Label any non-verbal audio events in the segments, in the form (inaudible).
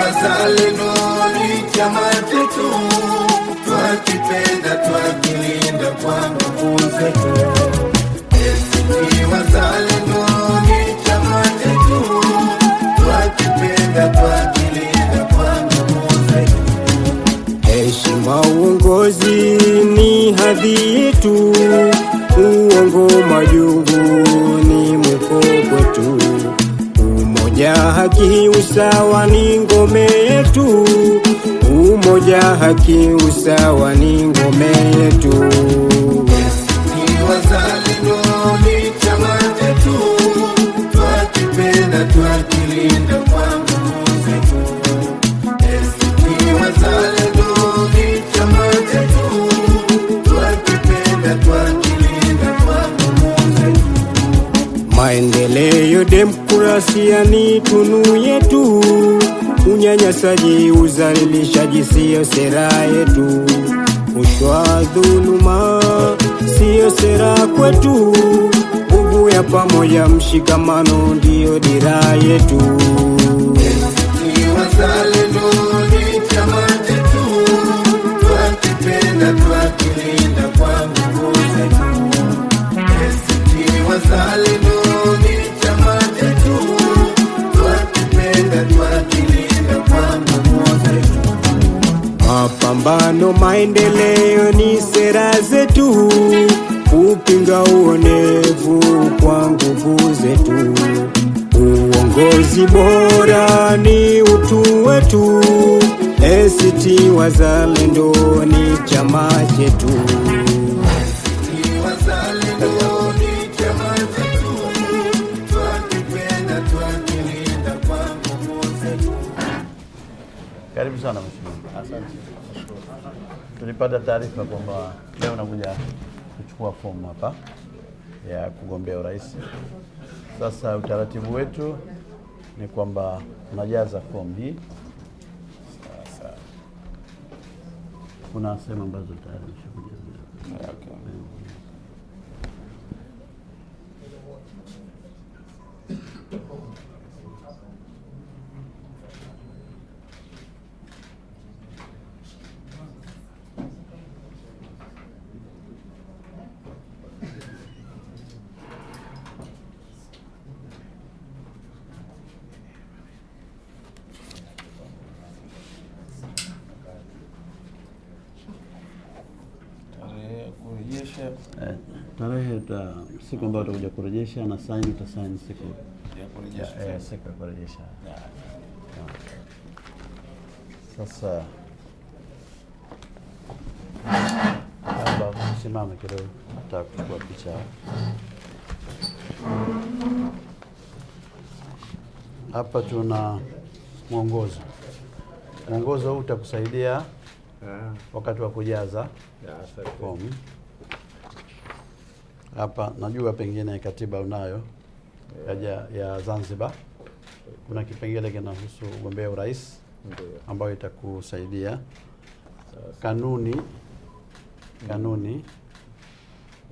Wazalendo ni chama chetu, twakipenda twakilinda kwa nguvu zetu. Wazalendo haki, usawa ni ngome yetu. Umoja, haki, usawa ni ngome yetu. Yes, Demokrasia ni tunu yetu, unyanyasaji, uzalilishaji siyo sera yetu, ushwa, dhuluma siyo sera kwetu, nguvu ya pamoja, mshikamano ndiyo dira yetu. maendeleo ni sera zetu, kupinga uonevu kwa nguvu zetu. Uongozi bora ni utu wetu, ACT Wazalendo ni chama chetu. nilipata taarifa kwamba leo nakuja kuchukua fomu hapa ya kugombea urais. Sasa utaratibu wetu ni kwamba unajaza fomu hii. Sasa kuna sehemu ambazo tayari nishakujaza. Okay. tarehe ta, siku ambayo utakuja kurejesha na saini utasaini siku ya kurejesha eh, siku ya kurejesha Sasa labda simame kidogo, nataka kuchukua picha hapa. Tuna mwongozo. Mwongozo huu utakusaidia ah. wakati wa kujaza fomu hapa najua pengine katiba unayo ya, ya Zanzibar kuna kipengele kinahusu ugombea urais ambayo itakusaidia kanuni kanuni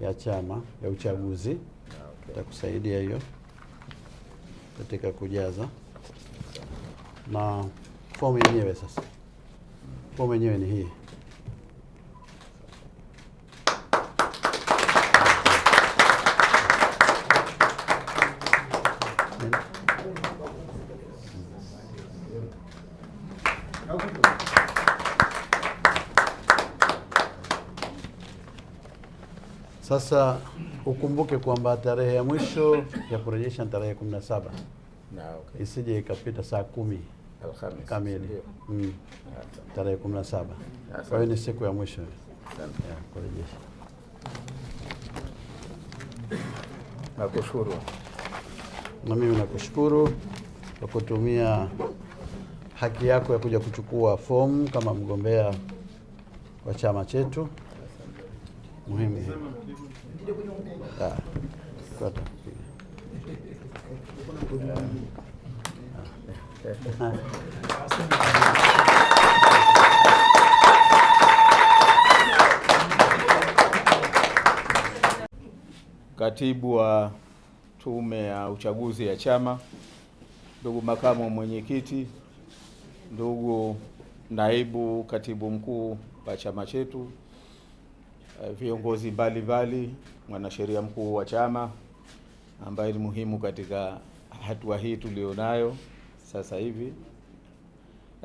ya chama ya uchaguzi itakusaidia hiyo katika kujaza na fomu yenyewe. Sasa fomu yenyewe ni hii. Sasa ukumbuke kwamba tarehe ya mwisho ya kurejesha tarehe kumi na saba okay. isije ikapita saa kumi Alhamisi kamili mm. tarehe kumi na saba kwa hiyo ni siku ya mwisho ya kurejesha. Nakushukuru na mimi nakushukuru kwa kutumia haki yako ya kuja kuchukua fomu kama mgombea wa chama chetu muhimu Katibu wa Tume ya Uchaguzi ya Chama, ndugu makamu mwenyekiti, ndugu naibu katibu mkuu wa chama chetu Eh, viongozi mbalimbali, mwanasheria mkuu wa chama ambaye ni muhimu katika hatua hii tulionayo sasa hivi,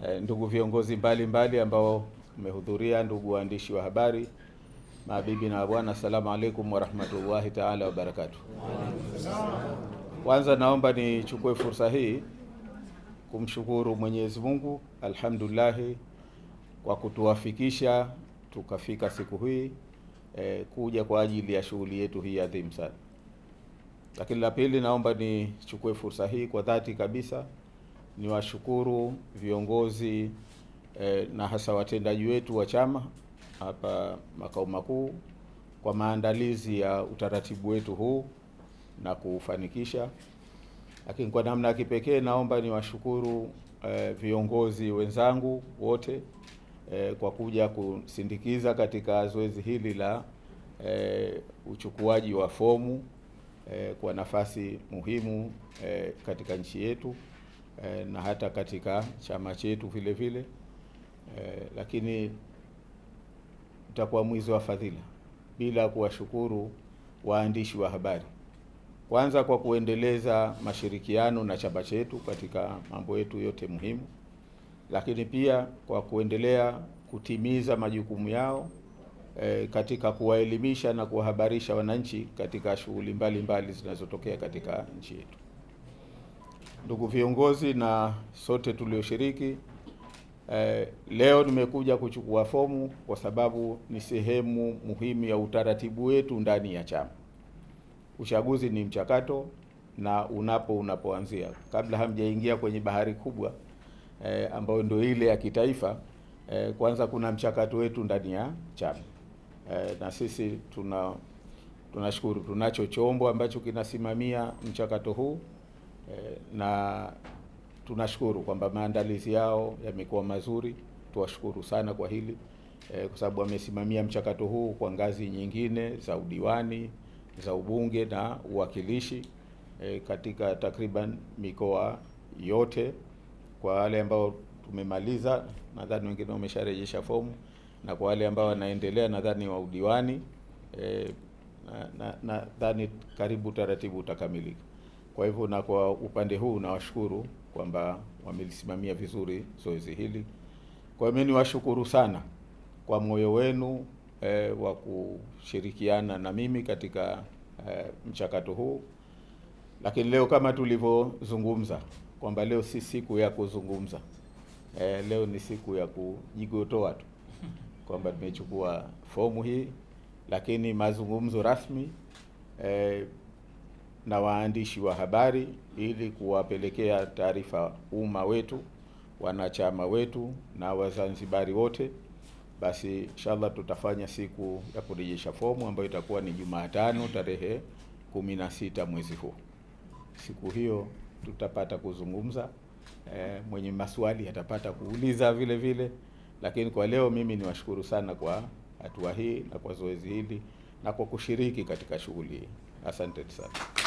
eh, ndugu viongozi mbalimbali ambao mmehudhuria, ndugu waandishi wa habari, mabibi na mabwana, assalamu alaikum warahmatullahi taala wabarakatuh. Kwanza naomba nichukue fursa hii kumshukuru Mwenyezi Mungu alhamdulillahi kwa kutuwafikisha tukafika siku hii eh, kuja kwa ajili ya shughuli yetu hii adhimu sana. Lakini la pili, naomba nichukue fursa hii kwa dhati kabisa niwashukuru viongozi eh, na hasa watendaji wetu wa chama hapa makao makuu kwa maandalizi ya utaratibu wetu huu na kuufanikisha. Lakini kwa namna ya kipekee naomba niwashukuru eh, viongozi wenzangu wote eh, kwa kuja kusindikiza katika zoezi hili la eh, uchukuaji wa fomu eh, kwa nafasi muhimu eh, katika nchi yetu eh, na hata katika chama chetu vile vile eh, lakini utakuwa mwizi wa fadhila bila kuwashukuru waandishi wa habari kwanza kwa kuendeleza mashirikiano na chama chetu katika mambo yetu yote muhimu lakini pia kwa kuendelea kutimiza majukumu yao e, katika kuwaelimisha na kuwahabarisha wananchi katika shughuli mbalimbali zinazotokea katika nchi yetu. Ndugu viongozi na sote tulioshiriki e, leo nimekuja kuchukua fomu kwa sababu ni sehemu muhimu ya utaratibu wetu ndani ya chama. Uchaguzi ni mchakato na unapo unapoanzia, kabla hamjaingia kwenye bahari kubwa eh, ambayo ndio ile ya kitaifa eh, kwanza kuna mchakato wetu ndani ya chama eh, na sisi tuna tunashukuru tunacho chombo ambacho kinasimamia mchakato huu eh, na tunashukuru kwamba maandalizi yao yamekuwa mazuri. Tuwashukuru sana kwa hili eh, kwa sababu wamesimamia mchakato huu kwa ngazi nyingine za udiwani za ubunge na uwakilishi eh, katika takriban mikoa yote. Kwa wale ambao tumemaliza, nadhani wengine wamesharejesha fomu, na kwa wale ambao wanaendelea, nadhani wa udiwani e, eh, nadhani na, na, karibu utaratibu utakamilika. Kwa hivyo na kwa upande huu nawashukuru kwamba wamelisimamia vizuri zoezi hili. Kwa hiyo mimi niwashukuru sana kwa moyo wenu e, wa kushirikiana na mimi katika e, mchakato huu, lakini leo kama tulivyozungumza kwamba leo si siku ya kuzungumza e, leo ni siku ya kujigotoa tu (laughs) kwamba tumechukua fomu hii, lakini mazungumzo rasmi e, na waandishi wa habari ili kuwapelekea taarifa umma wetu, wanachama wetu na Wazanzibari wote. Basi inshallah tutafanya siku ya kurejesha fomu ambayo itakuwa ni Jumatano tarehe 16 mwezi huu. Siku hiyo tutapata kuzungumza e, mwenye maswali atapata kuuliza vile vile, lakini kwa leo mimi niwashukuru sana kwa hatua hii na kwa zoezi hili na kwa kushiriki katika shughuli hii. Asante sana.